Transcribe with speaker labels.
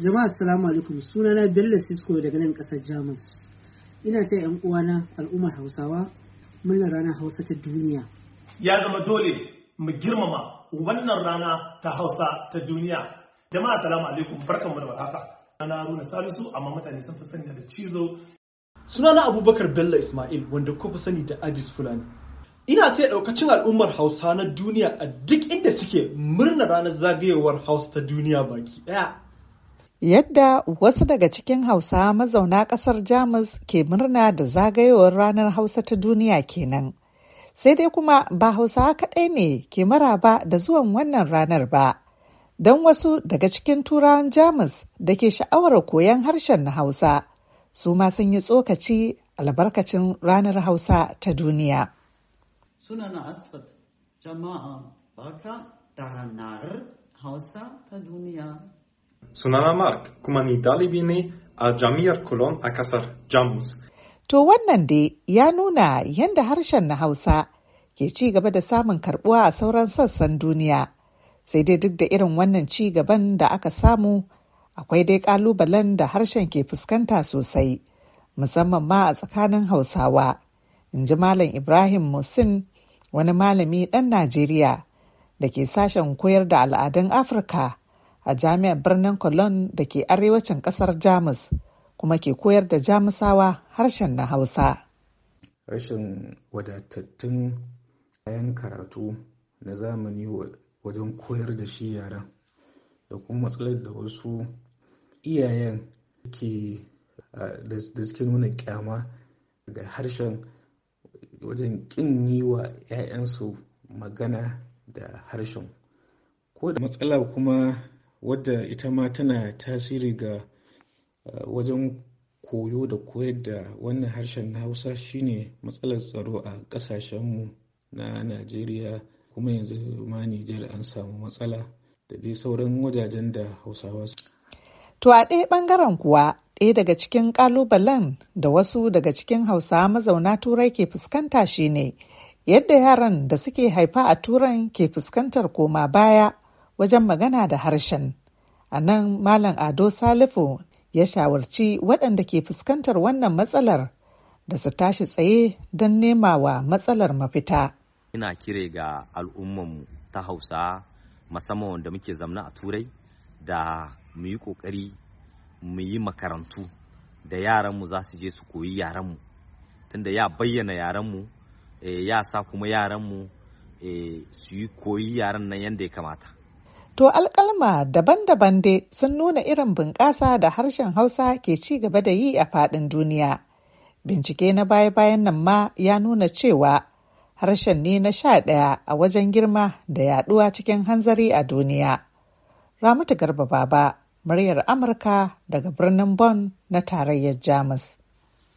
Speaker 1: jama'a assalamu alaikum Suna na bello cisco daga nan kasar jamus ina ce yan uwana al'ummar hausawa murnar ranar hausa ta duniya
Speaker 2: ya zama dole mu girmama wannan rana ta hausa ta duniya jama'a assalamu alaikum barkanmu da warhaka na runa salisu amma mutane sun fi sani da cizo Suna na abubakar bello ismail wanda fi sani da abis fulani ina ce daukacin al'ummar hausa na duniya a duk inda suke murnar ranar zagayewar hausa ta duniya baki
Speaker 1: daya Yadda wasu daga cikin Hausa mazauna ƙasar Jamus ke murna da zagayowar ranar Hausa ta duniya kenan. Sai dai kuma ba Hausa kaɗai ne ke maraba da zuwan wannan ranar ba. Don wasu daga cikin turawan Jamus da ke sha'awar koyon harshen na Hausa, su ma sun yi tsokaci albarkacin ranar Hausa ta duniya. Sunana jama'a da ranar Hausa ta duniya
Speaker 2: na Mark kuma ni dalibi ne a Jami'ar Cologne a kasar Jamus.
Speaker 1: To wannan dai ya nuna yadda harshen na Hausa ke ci gaba da samun karbuwa a sauran sassan duniya. Sai dai duk da irin wannan ci gaban da aka samu akwai dai kalubalen da harshen ke fuskanta sosai, musamman ma a tsakanin Hausawa. In ji Malam Ibrahim Musin wani malami ɗan Najeriya da ke sashen koyar da al'adun Afirka a jami'ar birnin Cologne da ke arewacin ƙasar Jamus kuma ke koyar da Jamusawa harshen na Hausa.
Speaker 2: Rashin wadatattun kayan karatu na zamani wajen koyar da shi yaran da kuma matsalar da wasu iyayen ke da suke nuna kyama da harshen wajen kin yi wa 'ya'yansu magana da harshen ko da matsala kuma wadda ita ma tana tasiri ga eh, wajen koyo da koyar da wannan harshen na hausa shine matsalar tsaro a ƙasashenmu na najeriya kuma yanzu ma nijar an samu matsala da dai sauran wajajen da hausawa
Speaker 1: to a ɗaya ɓangaren kuwa ɗaya daga cikin ƙalubalen da wasu daga cikin hausa mazauna turai ke fuskanta shine yadda yaran da suke haifa a turan ke fuskantar koma baya wajen magana da harshen. A nan Malam Ado Salifu ya shawarci waɗanda ke fuskantar wannan matsalar da su tashi tsaye don wa matsalar mafita.
Speaker 2: Ina kire ga al'ummanmu ta Hausa musamman wanda muke zamna a Turai da mu yi ƙoƙari mu yi makarantu da yaranmu za su je su koyi yaranmu tunda ya bayyana yaranmu eh, ya sa kuma yaranmu eh, su yi koyi yaran nan yadda ya kamata.
Speaker 1: To alkalma daban-daban dai sun nuna irin bunƙasa da harshen Hausa ke ci gaba da yi a faɗin duniya. Bincike na baya-bayan nan ma ya nuna cewa harshen ne na sha ɗaya a wajen girma da yaɗuwa cikin hanzari a duniya. Ramatu Garba Baba, muryar Amurka daga birnin Bonn na tarayyar Jamus.